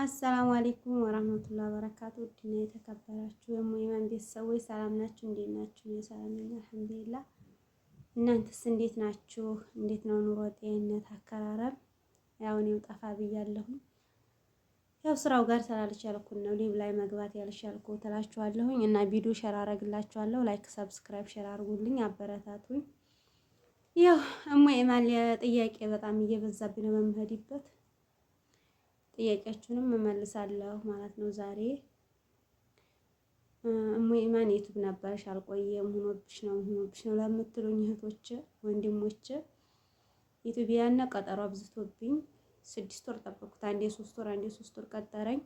አሰላሙ አሌይኩም ወራህመቱላ በረካቱ ውድና የተከበራችሁ የሙይመን ቤተሰቦች ሰላም ናችሁ? እንዴት ናችሁ? ሰላም ነኝ አልሐምዱሊላ። እናንተስ እንዴት ናችሁ? እንዴት ነው ኑሮ፣ ጤንነት፣ አከራረብ? ያው እኔም ጠፋ ብያለሁም ያው ስራው ጋር ስላልቻልኩን ነው ሊብ ላይ መግባት ያልቻልኩ ትላችኋለሁኝ። እና ቪዲዮ ሸር አረግላችኋለሁ። ላይክ፣ ሰብስክራይብ ሸር አርጉልኝ፣ አበረታቱኝ። ያው እሙይመን ጥያቄ በጣም እየበዛብኝ ነው በምሄድበት ጥያቄያችሁንም እመልሳለሁ ማለት ነው። ዛሬ እሙዬ የቱብ ነበርሽ አልቆየም፣ ሁኖብሽ ነው ሁኖብሽ ነው ለምትሉኝ እህቶች ወንድሞች ዩቲዩብ ያነ ቀጠሮ አብዝቶብኝ ስድስት ወር ጠበቅኩት። አንዴ ሶስት ወር አንዴ ሶስት ወር ቀጠረኝ።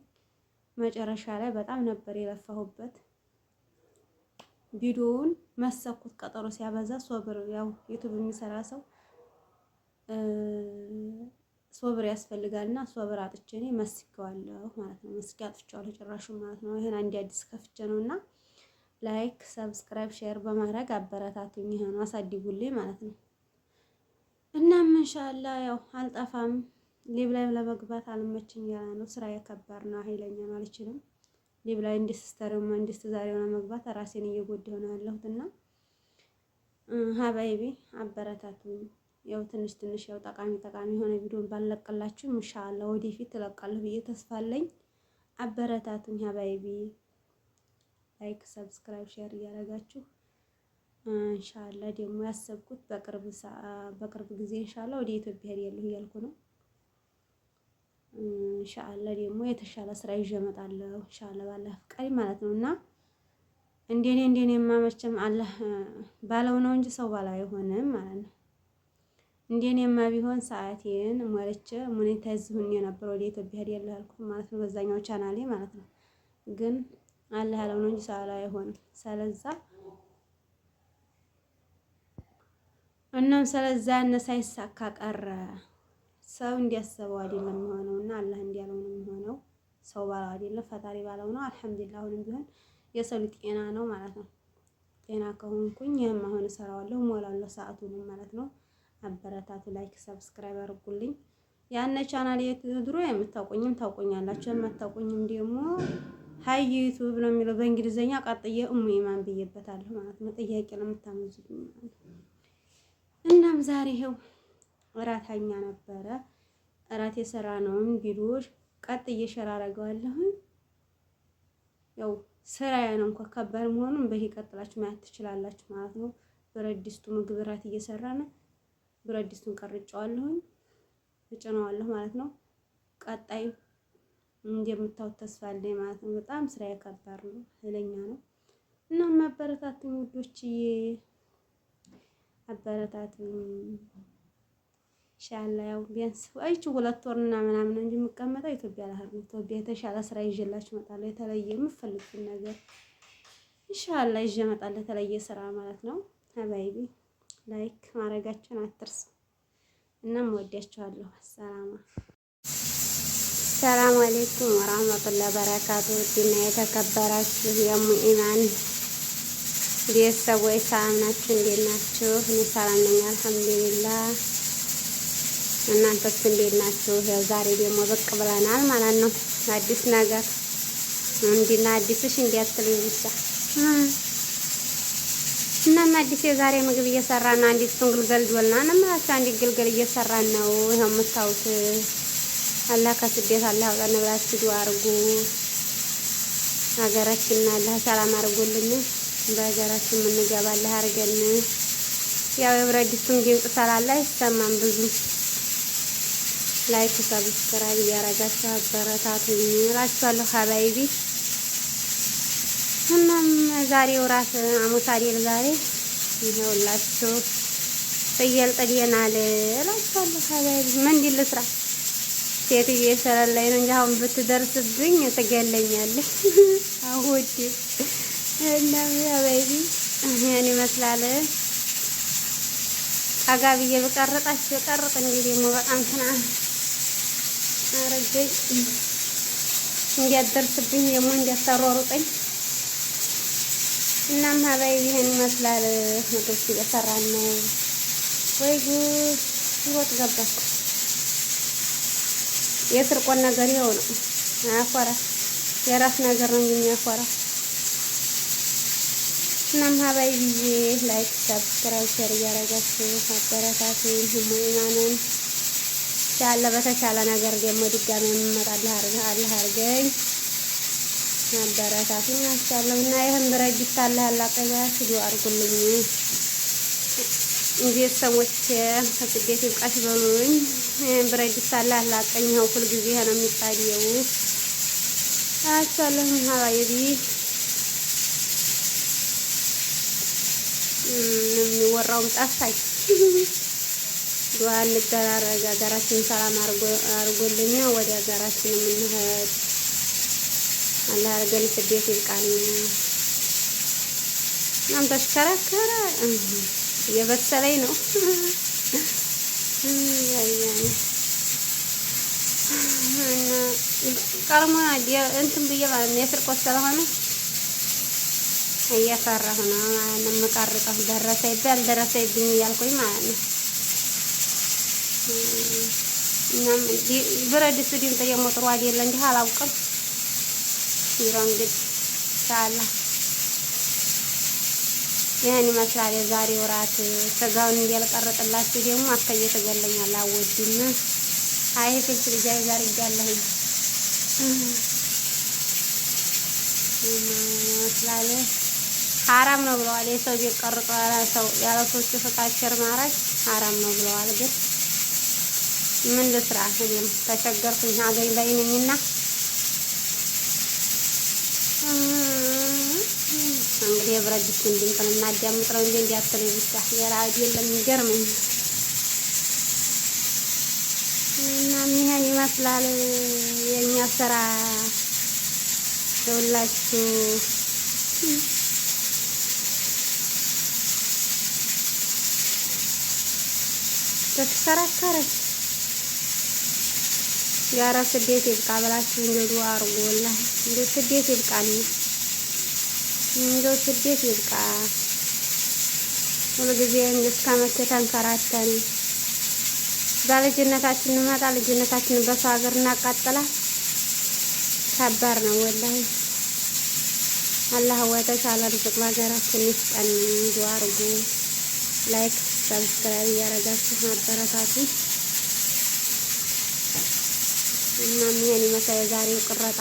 መጨረሻ ላይ በጣም ነበር የለፋሁበት። ቪዲዮውን መሰኩት። ቀጠሮ ሲያበዛ ሶብር ያው ዩቲዩብ የሚሰራ ሰው ሶብር ያስፈልጋል እና ሶብር አጥቼ እኔ መስኬዋለሁ ማለት ነው። መስኬ አጥቼዋለሁ ጭራሹ ማለት ነው። ይሄን አንድ አዲስ ከፍቼ ነው እና ላይክ፣ ሰብስክራይብ፣ ሼር በማድረግ አበረታቱኝ። ይሄን አሳድጉልኝ ማለት ነው። እናም እንሻላ ያው አልጠፋም። ሊብ ላይ ለመግባት አልመችኝ ያለ ነው። ስራ የከባድ ነው። ኃይለኛ ነው። አልችልም። ሊብ ላይ እንዲህ ስተሪው መንግስት ዛሬው ለመግባት ራሴን እየጎዳሁ ነው ያለሁት እና ሀባይቢ አበረታቱኝ። ያው ትንሽ ትንሽ ያው ጠቃሚ ጠቃሚ የሆነ ቪዲዮን ባለቀላችሁ ኢንሻአላ ወደፊት እለቃለሁ ብዬ ተስፋ አለኝ። አበረታቱኝ ሀባይቢ ላይክ፣ ሰብስክራይብ፣ ሼር እያደረጋችሁ ኢንሻአላ ደግሞ ያሰብኩት በቅርብ በቅርብ ጊዜ ኢንሻአላ ወደ ኢትዮጵያ ሄዳለሁ እያልኩ ነው። ኢንሻአላ ደግሞ የተሻለ ስራ ይዤ እመጣለሁ ኢንሻአላ ባለ ፍቃድ ማለት ነውና እንደኔ እንደኔ የማመቸም አላህ ባለው ነው እንጂ ሰው ባላ አይሆንም ማለት ነው። እንደኔማ ቢሆን ሰዓቴን ሞልቼ ሞኔታይዝ ሁኜ ነበር ወደ ኢትዮጵያ ሄድ ያልኩት ማለት ነው፣ በዛኛው ቻናሌ ማለት ነው። ግን አላህ ያለው ነው እንጂ ሳላ አይሆንም። ስለዛ እናም ስለዛ እነ ሳይሳካ ቀረ። ሰው እንዲያሰበው አይደለም የሚሆነው እና አላህ እንዲያለው ነው የሚሆነው። ሰው ባለው አይደለም ፈጣሪ ባለው ነው። አልሐምዱሊላህ አሁንም ቢሆን የሰው ጤና ነው ማለት ነው። ጤና ከሆንኩኝ ይህም አሁን እሰራዋለሁ ሞላለሁ ሰዓቱንም ማለት ነው። አበረታቱ። ላይክ ሰብስክራይብ አድርጉልኝ። ያነ ቻናል የድሮ የምታውቁኝም ታውቁኛላችሁ፣ የማታውቁኝም ደግሞ ሀይ ዩቱብ ነው የሚለው በእንግሊዝኛ ቀጥዬ እሙ ኢማን ብዬበታለሁ ማለት ነው። ጥያቄ ነው የምታመዙልኝ ማለት ነው። እናም ዛሬ ይኸው እራታኛ ነበረ እራት የሰራ ነውን ቪዲዮዎች ቀጥዬ ሸር አደርገዋለሁ። ያው ስራዬ ነው እንኳን ከባድ መሆኑን በዚህ ቀጥላችሁ ማየት ትችላላችሁ ማለት ነው። ብረት ድስቱ ምግብ እራት እየሰራ ነው። ብረት ድስቱን ቀርጨዋለሁኝ እጭነዋለሁ ማለት ነው። ቀጣይ እንደምታዩት ተስፋ አለኝ ማለት ነው። በጣም ስራ ከባድ ነው፣ ኃይለኛ ነው እና ማበረታቱኝ ውዶችዬ፣ አበረታቱኝ ኢንሻአላህ። ያው ቢያንስ አይቺ ሁለት ወር እና ምናምን እንጂ የምቀመጠው ኢትዮጵያ ላይ ነው። ኢትዮጵያ የተሻለ ስራ ይዤላችሁ እመጣለሁ። የተለየ የምፈልጉትን ነገር ኢንሻአላህ ይዤ እመጣለሁ። የተለየ ስራ ማለት ነው ሀባይቢ ላይክ ማድረጋችሁን አትርሱ። እናም ወዳችኋለሁ። ሰላም ሰላም አለይኩም ወራህመቱላሂ ወበረካቱ። ዲና የተከበራችሁ የሙኢማን ቤተሰቦች ሰላም ናችሁ? እንዴት ናችሁ? እኔ ሰላም ነኝ አልሐምዱሊላህ። እናንተስ እንዴት ናችሁ? ያው ዛሬ ደግሞ ብቅ ብለናል ማለት ነው። አዲስ ነገር እንዲና አዲስሽ እንዲያትልኝ ብቻ እናም አዲስ የዛሬ ምግብ እየሰራን ነው። አንዲቱን ግልገል ዶልና እናምራቸው አንዲት ግልገል እየሰራን ነው። ይኸው የምታዩት አላህ ከስደት አላህ አውጣን ብላችሁ ዱአ አድርጉ። ሀገራችን አላህ ሰላም አድርጎልን በሀገራችን የምንገባ አላህ አድርገን። ያው የብረት ድስቱም ድምፅ ስላለ አይሰማም ብዙ። ላይክ ሰብስክራይብ እያረጋችሁ አበረታቱኝ እላችኋለሁ ሀባይቢ እናም ዛሬው ራስ ሐሙስ አይደል? ዛሬ ይኸውላችሁ ፍየል ጥልየናል እላችኋለሁ። ሀበል ምን ልስራ? ሴትዬ ላይ ነው እንጂ አሁን ብትደርስብኝ ትገለኛለች። አሁዲ እና ሀበይቢ ያን ይመስላል። ጠጋ ብዬ ብቀርጣች ብቀርጥ እንግዲህ ደግሞ በጣም ትና አረገኝ እንዲያደርስብኝ ደግሞ እንዲያስተሯሩጠኝ እናም ሀበይ ይህን ይመስላል። ምግብ እየሰራን ነው። ወይ ጉድ! ህይወት ገባኩ። የስርቆን ነገር ይኸው ነው። አያኮራ የራስ ነገር ነው የሚያኮራ። እናም ሀበይ ብዬ ላይክ፣ ሰብስክራይብ፣ ሸር እያደረጋችሁ አበረታቱ። ሁሉ ኢማንን ቻለ በተቻለ ነገር ደግሞ ድጋሚ የምመጣ አለ አድርገኝ ማበረታቱን አስቻለሁ እና ይህን ብረጅት አለ ያላቀያሽ ዱ አድርጉልኝ ቤተሰቦቼ ከስደት ይብቃሽ በሉኝ። ይህን ብረጅት አለ ያላቀኝ ይኸው ሁልጊዜ ነው የሚታየው። አያቸዋለሁ ሀባይቢ የሚወራውም ጠፋኝ። ዱዓ እንገራ ሀገራችን ሰላም አድርጎልኛ ወደ ሀገራችን የምንሄድ አላህ አድርገን ስደት ይብቃን። እናም ተሽከረከረ እየበሰለኝ ነው። ቀርሞ እንትን ብዬ ማለት ነው የስርቆት ስለሆነ እየፈራሁ ነው ማለት ነው የምቀርጠው። ደረሰይብኝ አልደረሰይብኝ እያልኩኝ ማለት ነው። እናም ብረት ድስቱ ድምፅ አይደለ እንዲህ አላውቅም ሽሮ እንግዲህ ሳላ ይህን ይመስላል የዛሬ ወራት ስጋውን እንዲያልቀርጥላችሁ ደግሞ አከየ ተገለኛል አወድና አይ ፍልስ ልጅ ዛሬ ይጋለሁ ይመስላል ሀራም ነው ብለዋል። የሰው ቤት ቀርጦ ሰው ያለ ሰዎቹ ፍቃድ ሽር ማረግ ሀራም ነው ብለዋል። ግን ምን ልስራ እኔም ተቸገርኩኝ አገኝ በይንኝና ነው እንግዲህ የብረት ድስቱን ድምፅን እናዳምጥረው እንጂ እንዲያትል ቢሳህ የራዲዮ የለም የሚገርመኝ እና ይሄን ይመስላል የእኛ ስራ ለሁላችሁ ተተከራከረች ያረ ስዴት ይብቃ ብላችሁ እንደ ዱአ አርጎላ እንደ ስዴት ይብቃል። እንደው ስደት ይብቃ። ሁልጊዜ እስከ መቼ ተንከራተን? በልጅነታችን እንመጣ ልጅነታችንን በሰው ሀገር እናቃጥላል። ከባድ ነው ወላሂ። አላህ ወተሻለ ርዝቅ በሀገራችን ይስጠን። እንዱ አርጉ፣ ላይክ ሰብስክራይብ እያደረጋችሁ ማበረታቱ እና ይሄን ይመስላል የዛሬው ቅረጣ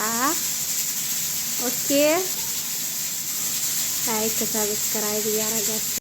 ኦኬ። ላይክ፣ ሰብስክራይብ እያረጋችሁ